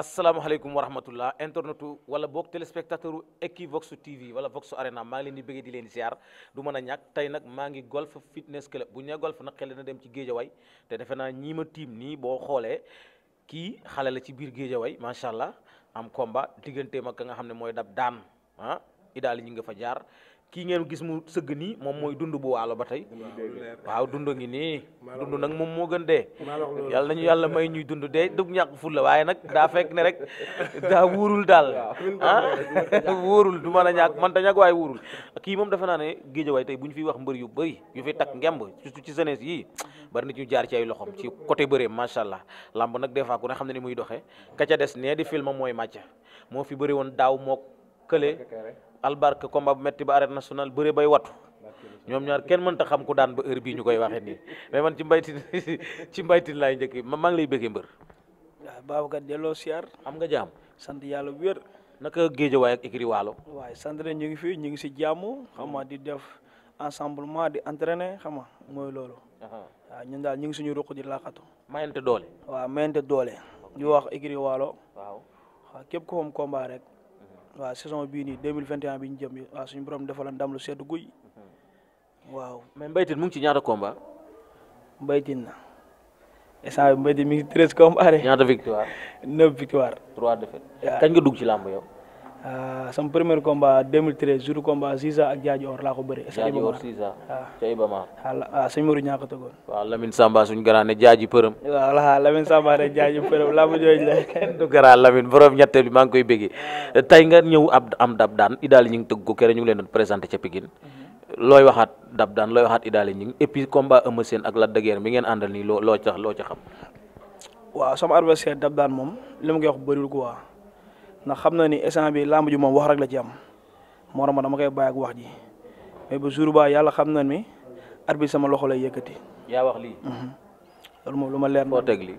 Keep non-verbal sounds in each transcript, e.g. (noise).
asalaamaaleykum wa rahmatullah internetu wala boog téléspectateur u Equivox TV wala Vox Arena maa ngi leen di bëggee di leen ziar du mën a ñàkk tey nag maa ngi golf fitness club bu ñu nee golf nag xel na dem ci géejawaay te defe naa ñii ma tiim nii boo xoolee kii xale la ci biir géejawaay macha allah am komba digganteem ak ka nga xam ne mooy dab daan ah idaali ñi nga fa jaar kii ngeen gis mu sëgg nii moom mooy dund bu waalo ba tey waaw dund ngi nii dund nag moom moo gën dee yàlla nañu yàlla may ñuy dund de dug ñàkk ful la waaye nag daa fekk ne rek daa wóorul daal ah (laughs) du mën a ñàkk man ta ñàkk waaye wóorul kii moom defe naa ne géejawaay tey bu ñu fiy wax mbër yu bëri yu fi takk ngemb surtout ci jeunesse yi bari na ci ñu jaar ci ay loxom ci côté bëree macha allah lamb nag des fois ku ne xam ne ni muy doxee ka ca des nee di film mooy màcca moo fi bëri woon daaw mook kële albarka combat bu metti ba arène nationale bëre bay watu ñoom ñaar kenn mënta xam ku daan ba heure bii ñu koy waxee nii mais man ci mbaytin (laughs) ci mbaytin laay njëkk ma maa ngi lay bëggee mbër. waaw ka delloo siyaar am nga jaam sant yàlla bu wér. naka géejawaay ak écurie Waalo. waaye sant nañ ñu ngi fii ñu ngi si jàmm xam nga di def ensemblement di entraîner xam nga mooy loolu. waaw ñun daal ñu ngi suñu ruq di laqatu. mayante doole. waaw mayante doole. ñu wax écurie Waalo. waaw képp ko waaw saison bii nii deux mille vingt et un bi ñu jëm waaw suñu borom defal la ndam lu sedd guy. waaw mais Mbaye Tine mu ci ñaata combat. Mbaye Tine na instant bi Mbaye Tine mi ngi treize combat ñaata victoire. (laughs) neuf victoire. trois défaites. kañ nga dugg ci làmb yow. Euh, sama premier combat 2013 jour combat Ziza ak Jaaji Or laa ko bëri. Jaaji Or Ziza ca Ibamar waaw ah, ah, sëñ Mourou ñaa ko tëggoon. waaw Lamine Samba suñu garaan ne Jaaji Përëm. voilà Lamine Samba ne Jaaji Përëm laa ma jooju la. kenn du garaan Lamine borom ñetteel bi maa ngi koy béggee ah. tey nga ñëw am dab daan idaal ñu ngi tëgg ko kere ñu ngi leen doon présenté ca Pikine. Mhm. looy waxaat dab daan looy waxaat idaal ñu ngi et combat Eumeu ak Lac mi ngeen àndal loo loo ca loo ca xam. waaw sama adversaire dab daan moom li ma koy wax bëriwul quoi ndax xam na ni instant bi làmb ji moom wax rek la ci am moo tax ma dama koy bàyyi ak wax ji mais bu jour ba yàlla xam na ni at bi sama loxo lay yëkkati. yaa wax lii. Mhm. loolu moom lu ma leer. foo teg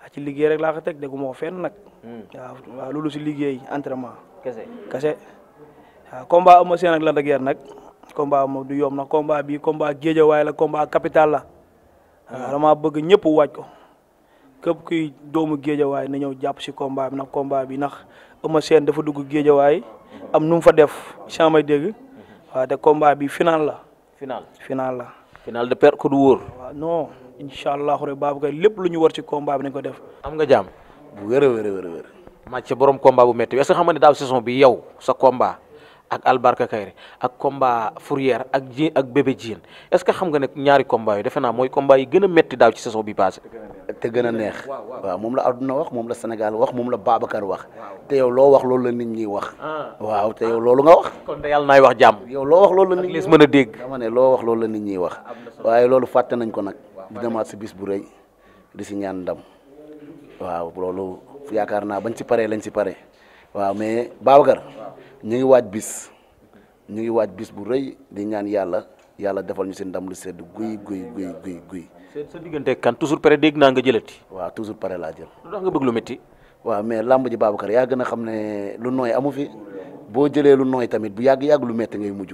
ah, ci liggéey rek laa ko teg déggu ma fenn nag. Hmm. si liggéey entraînement. kese kese waaw ah, combat am ma seen ak la dëgër nag. combat moom du yomb nag combat bi combat géejawaay la combat capital la. waaw hmm. ah, dama bëgg ñëpp waaj ko. képp ki doomu géejawaay na ñëw jàpp si kombaa bi nag combat bi nax Eumeu Sène dafa dugg géejawaay am nu mu fa def sans may dégg waaw te bi finaal la. final final la. final de per ko du wóor. waaw non allahu allahu baabu Babacar lépp lu ñu war si combat bi nañ ko def. am nga jàmm bu wér a wér a wér borom combat bu métti est-ce que xam ne daaw saison bi yow sa combat. ak Albarka Kayré ak combat Fourrière ak jii ak bébé Diène est-ce que xam nga ne ñaari combat yooyu defe naa mooy combat yi gën a métti daaw ci saison bi passé te gën a neex waaw moom la adduna wax moom la Sénégal wax moom la Babacar wax te yow loo wax loolu la nit ñi wax ah. waaw te loolu nga wax kon naay wax jàmm yow loo wax loolu la nit ñi mën a dégg dama ne loo wax loolu la nit ñi wax waaye loolu fàtte nañ ko nag di demaat si bis bu rëy di si ñaan ndam waaw loolu yaakaar naa bañ si paree lañ si pare waaw mais Babacar ñu ngi waaj bis ñu ngi waaj bis bu rëy di ñaan yàlla yàlla defal ñu seen ndam lu sedd guy guy guy guy guy. sa diggante kan toujours pare dégg naa nga jëlati. waaw toujours pare laa jël. lu tax nga bëgg lu métti. waaw mais làmb ji Babacar yaa gën a xam ne lu nooy amu fi boo jëlee lu nooy tamit bu yàgg yàgg lu métti ngay mujj.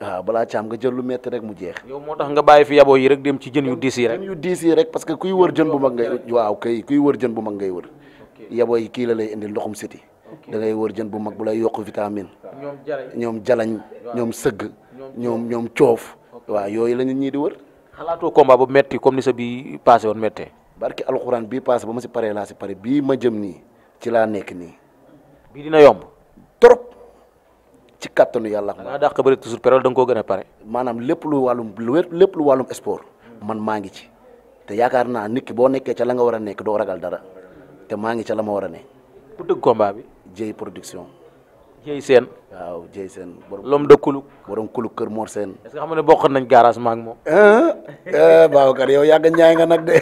waaw balaa caam nga jël lu métti rek mu jeex. yow moo tax nga bàyyi fi yaboo yi rek dem ci jën yu diis yi rek. jën yu diis parce que kuy wër jën bu mag ngay. waaw kay kuy wër jën bu mag ngay wër. yaboo yi kii la lay indil ndoxum siti da ngay wër jën bu mag bu lay yokk vitamine ñoom jalañ ñoom sëgg ñoom ñoom coof waaw yooyu la ñii di wër xalaatoo combat bu metti comme ni sa bii passé woon méttee barki alxuraan bii passé ba ma si pare laa si pare bii ma jëm nii ci laa nekk nii bii dina yomb trop ci kàttanu yàlla xam nga dàq bëri toujours période da nga gën a pare maanaam lépp lu wàllum lépp lu wàllum sport man maa ngi ci te yaakaar naa nit ki boo nekkee ca la nga war a nekk doo ragal dara te maa ngi ca la ma war a nekk ku tëgg combat bi. Dieye production. Dieye Sène. waaw Dieye Sène borom. l'homme de Kuluk. borom Kuluk Kër Mor Sène. est-ce ne bokkoon nañ garage ma ak moom. Eh, Babacar yow yàgg ñaay nga nag de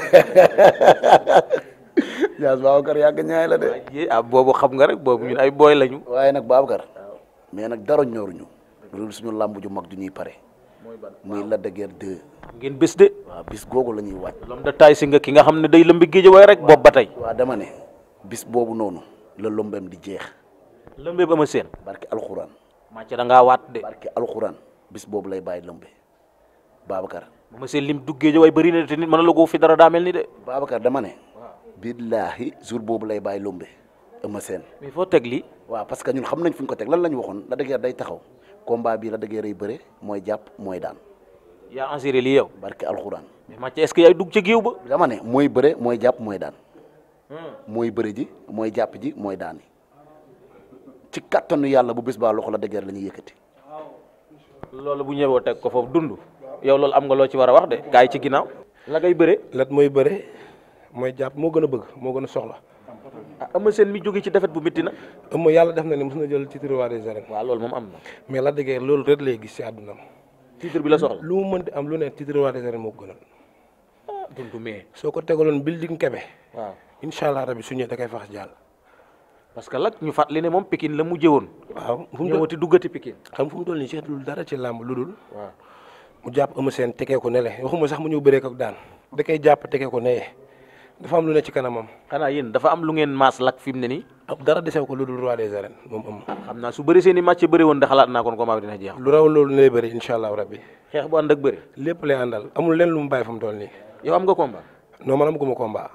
Diaz (laughs) Babacar la de. ah boobu xam nga rek boobu ñun ay booy lañu. waaye nag Babacar. mais nag dara ñoruñu. loolu suñu làmb ju mag ñuy pare. mooy ban muy Lac de Guiers 2. ngeen bis de. bis googu la ñuy waaj. l'homme de si nga ki nga xam ne day lëmbi géej waaye rek boobu ba tey. dama ne bis boobu noonu. la lombeem di jeex. lëmbe ba ma seen. barke alxuraan. maa ci da ngaa waat de. barke alxuraan bis boobu lay bàyyi lëmbe Babacar. ba ma seen lim duggee ja waaye bëri na te nit mën la ko fi dara daa mel ni de. Babacar dama ne. billaahi jour boobu lay bàyyi lombe ëmma seen. mais foo teg lii. waa parce que ñun xam nañ fi ñu ko teg lan la ñu waxoon la dëgër day taxaw combat bii la dëgër ay bëre mooy jàpp mooy daan. yaa enseré lii yow. barke alxuraan. mais Mathieu est dugg ci géew ba. dama mooy bëre mooy jàpp mooy daan. mooy bëri ji mooy jàpp ji mooy daani ci kattanu yàlla bu bis baa loxo la dëgër la ñuy yëkkati. loolu bu ñëwoo teg ko foofu dund yow loolu am nga loo ci war a wax de gaa yi ci ginnaaw. la ngay bëre. lat mooy bëre mooy jàpp moo gën a bëgg moo gën a soxla. a ah, Eumeu Sène mi jóge ci defet bu métti na. Eumeu yàlla def na ne mos na jël titre roi des arènes. waaw loolu moom am na. mais Lac de loolu rek lay gis si àdduna am. titre bi la soxla lu mu mënti am lu ne titre roi des arènes moo gënal. Ah, soo ko tegaloon building kebe. waaw. incha allah rabi su ñëwee da koy fax jàll. parce que lag ñu fàttali ne moom Pikine la mujjee woon. waaw fu mu ñëwati duggati Pikine. xam fu nii seetul dara ci làmb lu dul. waaw jàpp Eumeu Sène tegee ko ne le waxuma sax mu ñëw bëree ko daan da koy jàpp tegee ko ne dafa am lu ne ci kanamam. xanaa yéen dafa am lu ngeen maas lak fi mu ne nii. dara desew ko lu dul roi des arènes moom am. xam seen i bëri woon da xalaat naa kon combat bi dina jeex. lu bëri incha allah rabbi. xeex bu ànd ak bëri. lépp lay amul leen lu mu bàyyi fa mu toll nii. yow am nga combat. non man amaguma combat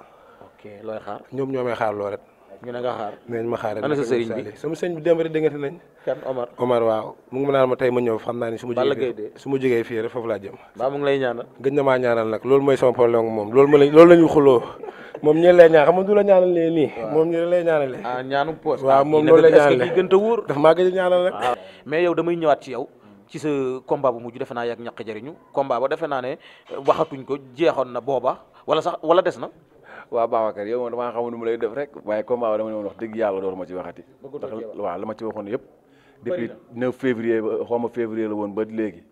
ok looy xaar. ñoom ñoo may xaar loo rek. ñu ne nga xaar. nañ ma xaar rek ana sa sëriñ bi sama sëriñ bi démb rek déggante nañ. kan Omar Omar waaw mu ngi ma naan ma tey ma ñëw xam naa ni su ma jógee su ma jógee fii rek foofu laa jëm. baa mu ngi lay ñaanal. gëj na maa ñaanal nag loolu mooy sama problème moom loolu ma lañ loolu la ñu xuloo moom ñeen lay ñaan xam nga du la ñaanalee nii moom ñeen lay ñaanalee ah ñaanu poos waaw moom ah, loolu lay ñaanalee gën a wóor daf maa gëj a ñaanal nag ah. mais yow damay ñëwaat ci yow ci sa combat bu mujj defe naa yàgg ñaq jariñu combat ba defe naa ne eh, waxatuñ ko jeexoon na booba wala sax wala des na waaw Babacar yow moom damaa xamul nu mu lay def rek waaye combat ba dama ne woon wax dëgg yàlla dooruma ci waxati ndax waaw la ma waxoon yëpp depuis 9 février xaw ma février la woon ba léegi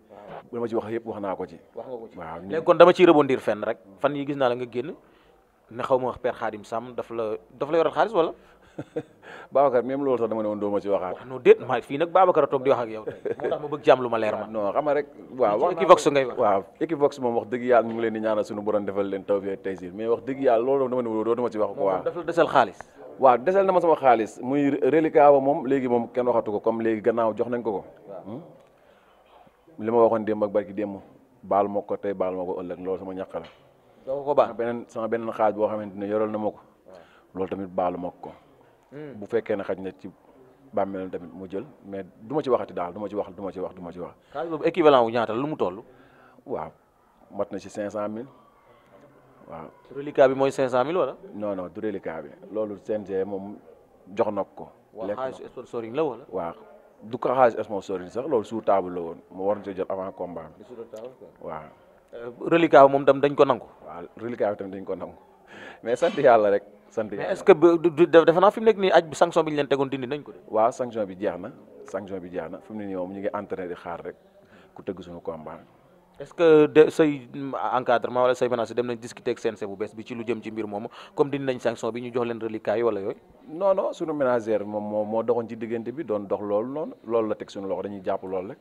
la ma ci wax yëpp wax naa ko ci waaw léegi kon dama ciy rebondir fenn rek fan yi gis naa la nga génn ne xaw ma wax Père Khadim Sam daf la daf la yoral xaalis wala (laughs) Babacar même loolu sax dama ne woon doo ma ci waxaat. non déet ma fii nag Babacar a toog di wax ak yow ma bëgg lu ma leer ma. non rek. waaw wax Equivox ngay waaw Equivox moom wax dëgg yàlla ñu ngi leen di ñaanal suñu borom defal leen tawfeex taysiir mais wax dëgg yàlla loolu dama ne woon dootuma ci wax. waaw dafa desal xaalis. waaw desal na ma sama xaalis muy reliquat ba moom léegi moom kenn waxatu ko comme léegi gannaaw jox nañ ko ko. Hmm? li ma waxoon démb ak barki démb baal ma ko tey baal ma ko ëllëg loolu sama ñàkk la. doo ko baal beneen sama beneen xaaj boo xamante ne yoral na ko loolu tamit baalu ma ko Hmm. bu fekkee ne xaj na ci bàmmeelam tamit mu jël mais du ma ci waxati daal du ci wax du ma ci wax du ma ci wax. xaalis boobu équivalent wu ñaata lu mu toll. waaw mat na ci 500000 waaw. reliquat bi mooy 500000 wala. non non du reliquat bi loolu CNG moom jox na ko. lekk na xaalis sponsoring la wala. waaw du ko xaalis sponsoring sax loolu sous table woon mu war na jël avant combat bi. waaw. Euh, reliquat moom tam dañ ko nangu. waaw reliquat tam dañ ko nangu (laughs) mais sant yàlla rek. sant yàlla mais est-ce que dafa naa fi nekk nii aj bi sanction bi ñu leen tegoon dindi nañ ko de. waaw sanction bi jeex na sanction bi jeex na fi mu ne nii moom ñu ngi entraîné di xaar rek ku tëgg suñu combat. est-ce que de say encadrement wala say menaces dem nañ discuter ak bu bees bi ci lu jëm ci mbir moomu comme dindi nañ sanction bi ñu jox leen reliquats yi yooyu. non suñu ménagère moom moo moo doxoon ci diggante bi doon dox loolu noonu loolu la teg loolu rek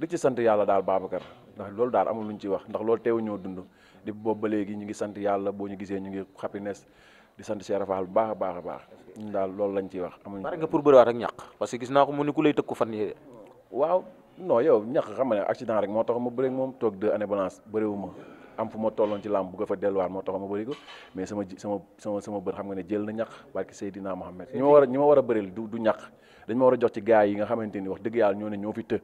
di ci sant yàlla daal Babacar ndax loolu daal amul wax ndax loolu teewu ñoo dund di ngi sant yàlla boo ñu gisee ñu di sant Cheikh Fall bu baax a baax a baax parce que gis naa ko mu ni ku lay tëkku fan yii waaw non yow ñàq xam accident rek moo tax ma bëri moom toog deux années balance bëriwuma am fu ma tolloon ci làmb ko mais sama sama xam nga ne jël na ñàq barki Seydina Mohamed ñi ma war a ma war a bëril du du dañ ma war a jox ci gars yi nga xamante wax dëgg yàlla ñoo ne ñoo fi të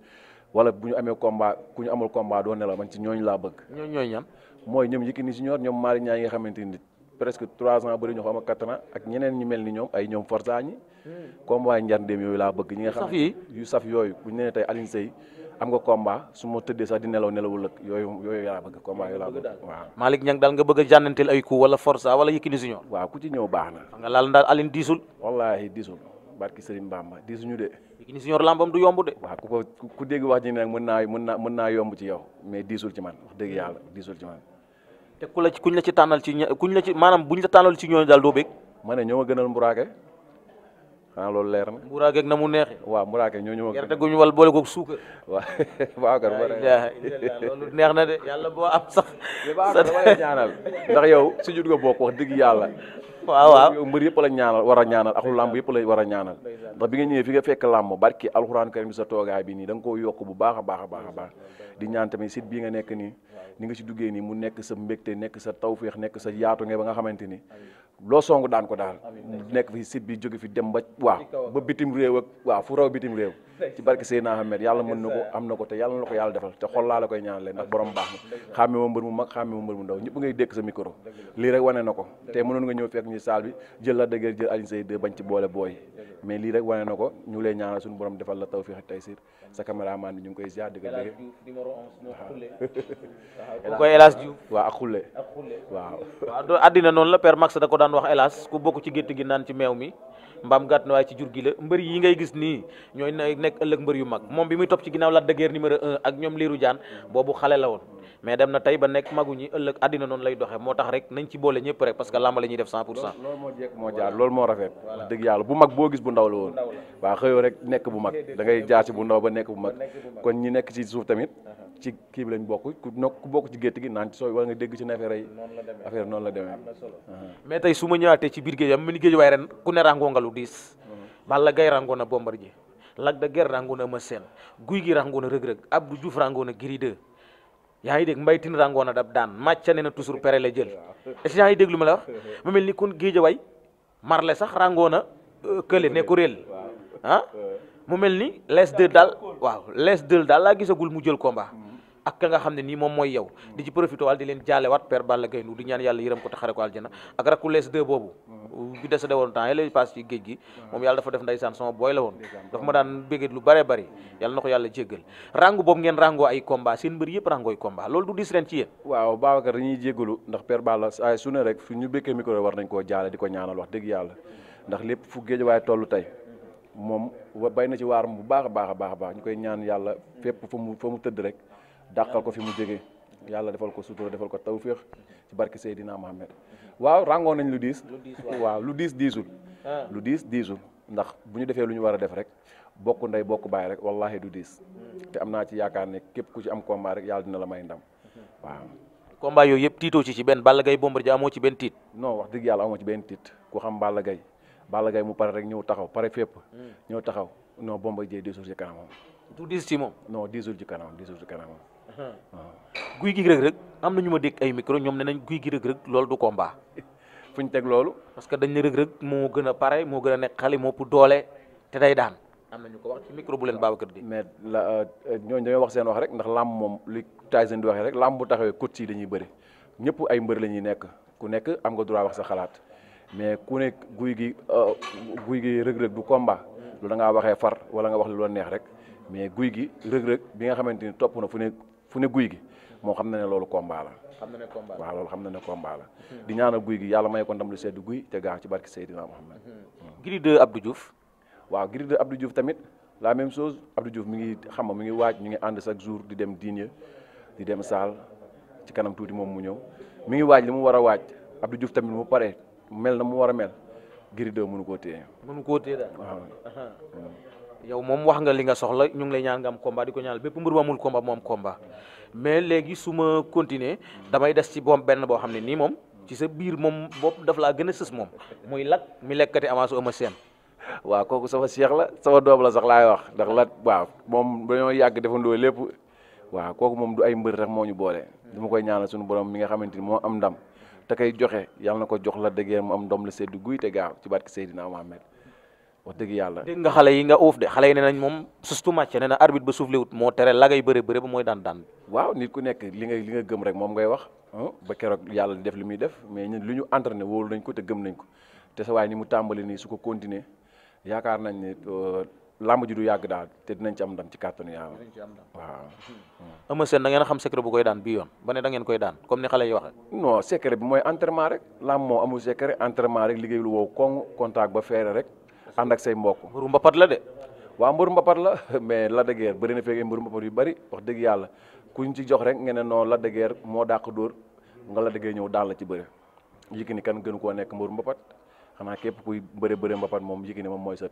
wala bu ñu amee combat ku ñu amul combat doo ne la man ci ñooñu laa bëgg ñooñu ñam mooy ñoom Yékini Junior ñoom Malick yi nga xamante ni presque trois ans bëri ñoo xam ak quatre ans ak ñeneen ñu mel ni ñoom ay ñoom Forza ñi hmm. combat njarndeem yooyu laa bëgg ñi nga xam ne yu saf yooyu bu ñu nee tey Alioune nga combat su ma tëddee sax di nelaw nelawul ak yooyu yooyu laa bëgg combat yooyu laa bëgg waaw Malick Niang daal nga bëgg a jànnanteel ay coup wala Forza wala Yékini Junior waaw ku ci ñëw baax na xam nga laal ndaal Alioune diisul wallaahi diisul barki Serigne Bamba diisuñu de Yékini Junior lambam du yomb de waaw ku dégg wax ji naa mën naa mën naa yomb ci yow mais diisul ci man wax yàlla te ku ci kuñ la ci tànnal ci kuñ la ci maanaam buñ la tànnal ci ñooñu daal doo bëgg. ma ne ñoo gënal mburaake ah loolu leer na. mburaake na mu neexee. waaw mburaake ñoo ñoo ma. gerte guñu wal boole koog suukar. (laughs) waaw neex na de yàlla boo am sax. (laughs) (laughs) ndax yow si jur nga bokk wax dëgg yàlla. waaw waaw mbër yëpp la ñaanal war a ñaanal ak làmb yëpp la war a ñaanal ndax bi nga ñëwee fi nga fekk làmb barki alxuraan karim sa toogaay bi nii da nga koo yokk bu baax a baax a baax a baax di ñaan tamit sit bii nga nekk nii ni nga si duggee nii mu nekk sa mbégte nekk sa tawféex nekk sa yaatu nga ba nga xamante ni loo songu daan ko daal nekk fi site bi jóge fi dem ba waaw ba bitim réew ak (laughs) na ko am ko te yàlla na ko yàlla defal te la koy ñaanalee ndax borom baax na xàmme ma mbër mu mag sa micro lii rek wane na ko te mënoon nga ñëw fekk ñu saal bi la dëgër jël Alioune Seye 2 bañ ci boole la tawfiq ak taysir sa caméraman xulle waaw addina noonu la Père Max da ko daan wax hélas ku bokk ci gétt gi naan ci meew mi mbaam gàtt na waaye ci jur gi la mbër yi ngay gis nii ñooy nekk ëllëg mbër yu mag moom bi muy topp ci ginnaaw Lac de Guiers numéro un ak ñoom liiru jaan boobu xale la woon mais dem na tey ba nekk magu ëllëg àddina noonu lay doxee moo tax rek nañ ci boole ñëpp rek parce que làmb la ñuy def 100 pour cent loolu moo jekk moo rafet dëgg yàlla bu mag boo gis bu ndaw la woon waaw xëyoo rek nekk bu mag da jaar ci bu ndaw ci kii bi lañ bokk ku nokk bokk ci gétt gi naan ci sooy wala nga dégg ci neefere yi affaire la demee uh-huh. mais tey su ma ñëwaatee ci biir géej am mel géej waaye ren ku ne ràngoo nga lu diis uh-huh. Balla Gaye ràngoo na ji Lac de Guiers ràngoo na Eumeu Sène Gouye Gui ràngoo na Reug Reug Abdou Diouf ràngoo na Gris yaa ngi dégg mbaytin Tine ràngoo na daan màcca ne na toujours pere la jël (laughs) est-ce que yaa ma la (laughs) mu mel ni kon géej way marle sax ràngoo na euh, kële ne ko réel ah (laughs) mu mel ni les deux daal waaw les deux daal laa gisagul mu jël combat hmm. ak ka nga xam ne nii moom mooy yow di ci profité waal di leen jaale waat père Balla Gaye di ñaan yàlla yërëm ko taxare ko aljana ak rakku lees deux boobu bi desa woon temps yële passe ci géej gi moom yàlla dafa def ndeysaan sama booy la woon dafa ma daan béggét lu bare bari yàlla na rangoo ay combat seen yëpp rangooy combat loolu du dis ren ci yéen waaw ndax ñu békkee micro war nañ koo jaale di ko ñaanal wax dëgg yàlla ndax lépp fu géej waaye tollu tey moom bay na ci waaram bu baax a baax a baax a baax ñu koy ñaan yàlla fépp fa mu fa mu tëdd rek dàqal ko fi mu jógee yàlla defal ko sutura defal ko tawféex ci dina Seydina Mohamed waaw rangoon nañ lu diis waaw lu diis diisul ah. lu diis diisul ndax bu ñu defee lu ñu war a def rek bokk ndey bokk baay rek wallahi du diis hmm. te am naa ci yaakaar ne képp ku ci am combat rek yàlla dina la may ndam hmm. waaw combat yooyu yëpp tiitoo ci ci benn Balla gay Bombardier amoo ci benn tiit non wax dëgg yàlla amoo ci benn tiit ku xam Balla Gaye Balla Gaye mu pare rek ñëw taxaw pare fépp hmm. ñëw taxaw noo non Bombardier diisul ci kanamam du diis ci moom non diisul ci kanamam diisul ci kanamam guy gi rëg rëg am na ñu ma ay micro ñoom ne nañ guy gi rëg loolu du komba fu ñu teg loolu. parce que dañ ne moo gën a pare moo gën a nekk xale moo ëpp te day daan. am na ko wax ci leen Babacar di. mais la euh, euh, ñooñu dañoo wax seen wax rek ndax làmb moom li Tyson di waxee rek làmb bu taxawee coach yi dañuy bëri ñëpp ay la ñuy nekk ku nekk am nga wax sa xalaat mais ku nekk guy gi euh, guy gi rëg-rëg du combat da ngaa waxee far wala nga wax lu la neex rek mais guy gi rëg-rëg bi nga xamante ni topp na fu nekk fu ne guy gi moo xam na ne loolu combat xam na ne combat la waaw loolu xam na ne combat la di ñaanal guy gi yàlla may ko ndam lu sedd guy te gaaw ci barki Seydina Mouhamed mhm. hmm. Gris 2 Abdou Diouf waaw Gris 2 Abdou Diouf tamit la même chose Abdou Diouf mi ngi xam nga mi ngi waaj ñu ngi ànd chaque jour di dem diine di dem saal ci kanam tuuti moom mu ñëw mi ngi waaj li mu war a waaj Abdou Diouf tamit mu pare mel na mu war a mel Gris 2 mënu koo téye mënu koo téye yow moom wax nga li nga soxla ñu ngi lay ñaan nga am combat di ko ñaanal bépp mbër bu amul combat mu am mais léegi su ma damay des ci boom benn boo xam ne nii moom ci sa biir moom bopp daf laa gën a sës moom muy lak mu lekkati avance ama seen waaw kooku sama seex la sama doom la sax laay wax ndax la waaw moom dañoo yàgg defandoo lépp waa kooku moom du ay mbër rek moo ñu boole. ma koy ñaanal suñu borom mi nga xamante ni moo am ndam te koy joxe yal na ko jox la dëgg mu am ndam la sedd guy te gaaw ci barke Seydina Mohamed wax dëgg yàlla dégg nga xale yi nga uuf de xale yi ne nañ moom surtout match ne na arbitre ba suuf liwut moo tere lagay bëre mooy daan daan waaw nit ku nekk li nga li nga gëm rek moom ngay wax ba keroog yàlla def li muy def mais ñun li ñu entraîné wóolu nañ ko te gëm nañ ko te sa waay ni mu tàmbali nii su ko continuer yaakaar nañ ne euh, làmb ji du yàgg daal te dinañ ci am ndam ci kàttanu yàlla waaw ama seen da ngeen xam secret bu koy daan bi yoon ba ne da ngeen koy daan comme ni xale yi waxe non secret ànd say mbokk mburu mbapat la de waaw mburu mbapat la (laughs) mais Lac de Guiers bëri na fekkee mburu mbapat yu bëri wax dëgg yàlla kuñ ci jox rek nga noonu Lac de moo dàq dóor nga Lac de Guiers ñëw la ci bëri Yékini kan koo nekk mburu mbapat xanaa képp kuy bëre bëre mbapat moom Yékini moom mooy sa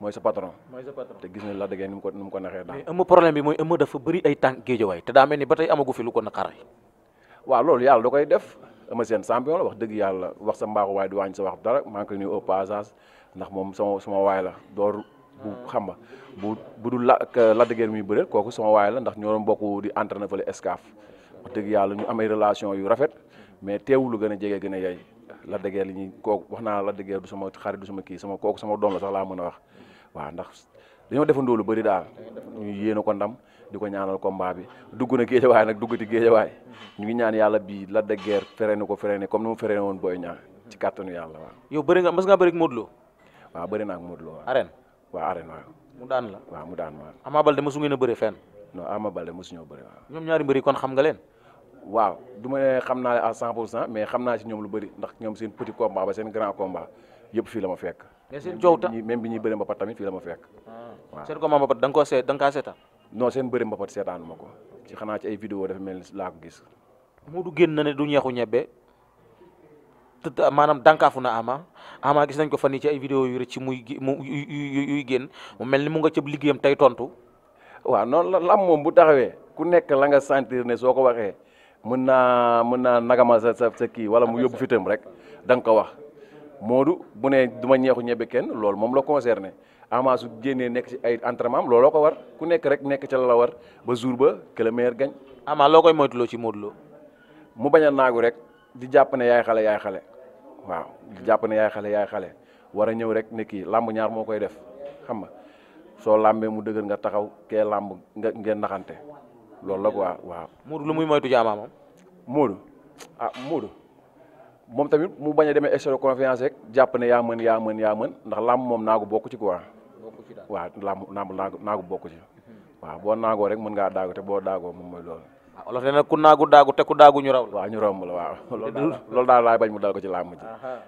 mooy sa patron mooy sa patron te gis ne la dëggee ni ko ko naxee daal. mais ëmm problème bi mooy ëmm dafa bëri ay tànk géejawaay te daa mel ni ba tey amagu fi lu ko naqare. waaw loolu yàlla da koy def ëmm seen champion la wax dëgg yàlla wax sa mbaaxu waaye du waañ sa wax dara maa ngi koy nuyu ndax moom sama sama waay la door bu xam nga bu bu dul la Lac de Guiers muy bëre kooku sama waay la ndax ñoo doon bokk di entraîné fële Escaf wax dëgg yàlla ñu am ay yu rafet mais teewul gën a jege gën a yey Lac de li ñuy kooku wax naa Lac de Guiers du sama xarit du sama kii sama kooku sama doom sax laa mën a wax waaw ndax dañoo defandoo lu bëri daal ñu yéene ko ndam di ko ñaanal combat bi dugg na géejawaay nag duggati géejawaay ñu ngi ñaan yàlla bii Lac de Guiers freiné ko freiné comme ni mu freiné woon Boy Niang ci kàttanu yàlla waaw. yow bëri nga mas ngaa bëri ak Modou Lo waaw bari naa ak Modou Lo. arène waaw arène waaw. mu daan la waaw mu daan waaw. Ama Balde mosu ngeen a bëri fenn. non Ama Balde mosu ñoo bëri waaw. kon xam nga leen. waaw du ma ne xam naa à 100 pour xam naa ci ñoom lu bëri ndax ñoom seen petit combat ba seen grand combat yëpp fii la ma fekk. mais seen coow ta même bi ñuy bëri mbapat tamit ma fekk. Ah. waaw seen combat mbapat da seetaan. non seen bëri mbapat seetaanu ma ko ci xanaa ci ay vidéo dafa mel ni laa ko gis. Modou génn na ne du ñeexu ñebbe maanaam dànkaafu na ama ama ki sañ ko fan yi ci ay vidéo yu rëcc muy mu yuy génn mu mel ni mu nga cëb liggéeyam tey tontu waaw noonu la am moom bu taxawee ku nekk la nga sentir ne soo ko waxee mën naa mën naa nagama sa sa kii wala mu yóbbu fitam rek da ko wax Modou bu ne du ma ñeexu ñebe kenn loolu moom la concerné Ama su génnee nekk ci ay entraînement am looloo ko war ku nekk rek nekk ca la la war ba jour ba que le meilleur Ama loo koy moytuloo ci Modou mu bañ a naagu rek. di jàpp na yaay xale yaay xale waaw di jàpp na yaay xale yaay xale war a ñëw rek ne kii làmb ñaar moo koy def xam nga soo làmbee mu dëgër nga taxaw kee làmb nga ngeen naxante loolu la quoi waaw. Moodu lu muy moytu jaamaa moom. Moodu ah Moodu moom tamit mu bañ deme demee de confiance rek jàpp ne yaa mën yaa mën yaa mën ndax làmb moom naagu bokk ci quoi. bokk ci daal waaw làmb naagu naagu bokk ci. waaw boo naagoo rek mën ngaa daago te boo daagoo moom mooy loolu. olof nee na ku naagu daagu te ku daagu ñu raw la. waaw ñu raw la waaw. loolu daal laay bañ mu dal ko ci làmb ji.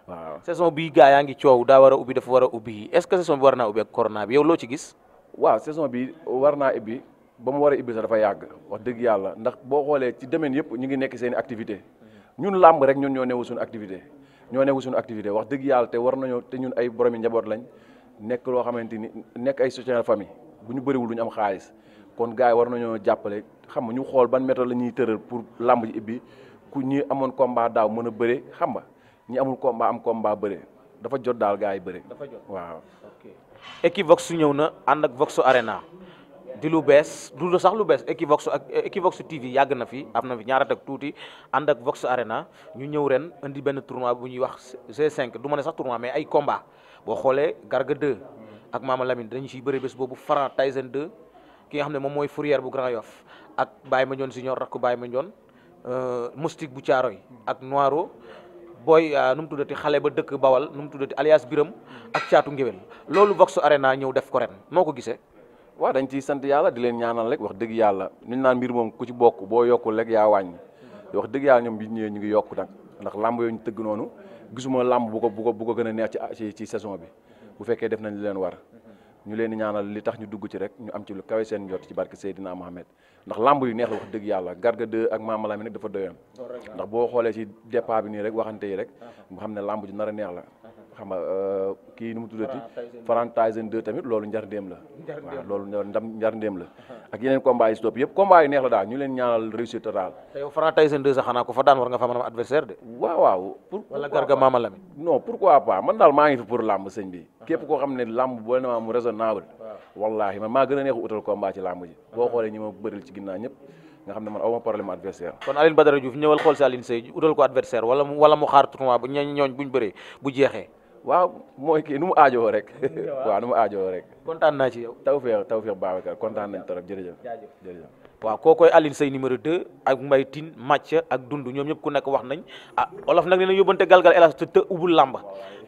waaw saison bii gaa yaa ngi coow daa war a ubbi dafa war a ubbi est-ce que saison bi war naa ubbi ak corona bi yow loo ci gis. waaw saison bi war naa ubbi ba mu war a ubbi sax dafa yàgg wax dëgg yàlla ndax boo xoolee ci domaine yëpp ñu ngi nekk seen activité ñun làmb rek ñun ñoo newu suñu activité ñoo newu suñu activité wax dëgg yàlla te war nañoo te ñun ay boromi njaboot lañ nekk loo xamante ni nekk ay soutien famille bu ñu bëriwul duñu am xaalis kon gars yi war nañoo jàppale xam nga ñu xool ban méthode la ñuy tëral pour làmb ji ibbi ku ñi amoon combat daaw mën a bëre xam nga ñi amul combat am combat bëre dafa jot daal gars yi bëre. dafa jot waaw. ok su ñëw na ànd ak Vox Arena di lu bees du sax lu bees Equivox ak Equivox TV yàgg na fi am na fi ñaarata tuuti ànd ak Vox Arena ñu ñëw ren indi benn tournoi bu ñuy wax G5 du ne sax tournoi mais ay combat boo xoolee Garga 2 ak Mama dañu ciy bëre bés boobu Franc Tyson 2. ki nga xam ne moom mooy fourrière bu Grand Yoff ak Baye Mandione Junior rakku Baye Mandione euh, moustique bu yi ak Noiro booy euh, nu mu tuddati xale ba dëkk Bawal nu mu tuddati alias Biram ak caatu ngéwél loolu Vox Arena ñëw def ko ren noo ko gisee. waaw dañ ciy sant yàlla di leen ñaanal rek wax dëgg yàlla ñu naan mbir moom ku ci bokk boo yokkul rek yaa wàññi wax dëgg yàlla ñoom bi ñëwee ñu ngi yokk nag ndax làmb yooyu ñu tëgg noonu gisuma làmb bu ko bu ko bu ko gën a neex ci ci saison bi bu fekkee nañ li leen war. ñu leen di ñaanal li tax ñu dugg ci rek ñu am ci lu kawe seen njort ci barke Seydina Mohamed ndax lamb yu neex la wax dëgg yàlla Garga ak Mama Lamine nag dafa doyoon ndax boo xoolee ci départ bi nii rek waxante yi rek nga xam ne làmb ju nar a neex la xam nga euh, kii nu mu tuddati Frank Tyson 2 tamit loolu njar ndéem la waaw loolu ndam njar ndéem la ak yeneen combat yi si topp yëpp yi neex la daal ñu leen ñaanal réussite daal te yow Frank Tyson sax xanaa ko fa daan war nga fa mën am adversaire de waaw waaw pour wala pas man daal maa ngi fi pour làmb sëñ bi képp ko xam ne làmb boo ne maa mu raisonnable wallaahi ma maa gën a neexu utal combat ci làmb ji boo xoolee ñi ma bëril ci ginnaaw ñëpp nga xam ne man aw ma problème adversaire kon Alioune Badara Diouf ñëwal xool si Alioune Seye utal ko adversaire wala mu xaar tournoi bu ñooñ buñ bëree bu jeexee waaw mooy kii nu mu aajowoo rek (laughs) waaw nu mu aajowoo rek kontaan naa ci yow tawfeex tawfeex Babacar kontaan nañ torop jërëjëf jërëjëf waaw kookoy Alioune Seye numéro 2 ak Mbaye tin Mathieu ak Dundu ñoom ñëpp ku nekk wax nañ a ah, olof nag nee yóbbante galgal elas te te làmb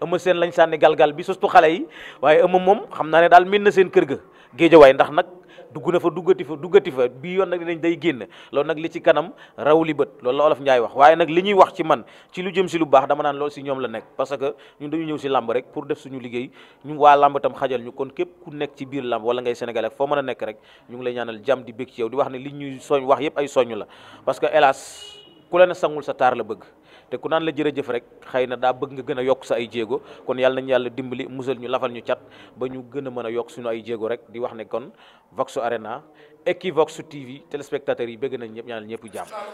ëma seen lañ sànni galgal bi surtout xale yi waaye ëma moom xam naa ne daal miin na seen kër ga géejawaay ndax nag dugg na fa duggati fa duggati fa bii yoon nag dinañ day génn loolu nag li ci kanam raw li bët loolu la olof Njaay wax waaye nag li ñuy wax ci man ci lu jëm si lu baax dama naan lool si ñoom la nekk parce que ñun dañu ñëw si làmb rek pour def suñu liggéey ñu waa làmb tam xajal ñu kon képp ku nekk ci biir làmb wala ngay Sénégal ak foo mën a nekk rek ñu ngi lay ñaanal jam di bég ci yow di wax ne li ñuy soñ wax yëpp ay soñu la parce que hélas ku leen sangul sa taar la bëgg te ku naan la jërëjëf rek xëy na daa bëgg nga gën a yokk sa ay jéego kon yàlla nañu yàlla dimbali musal ñu lafal ñu cat ba ñu gën a mën a yokk suñu ay jéego rek di wax ne kon Vox Arena Equivox TV téléspectateurs yi bëgg nañ ñëpp ñaanal ñëpp jàmm.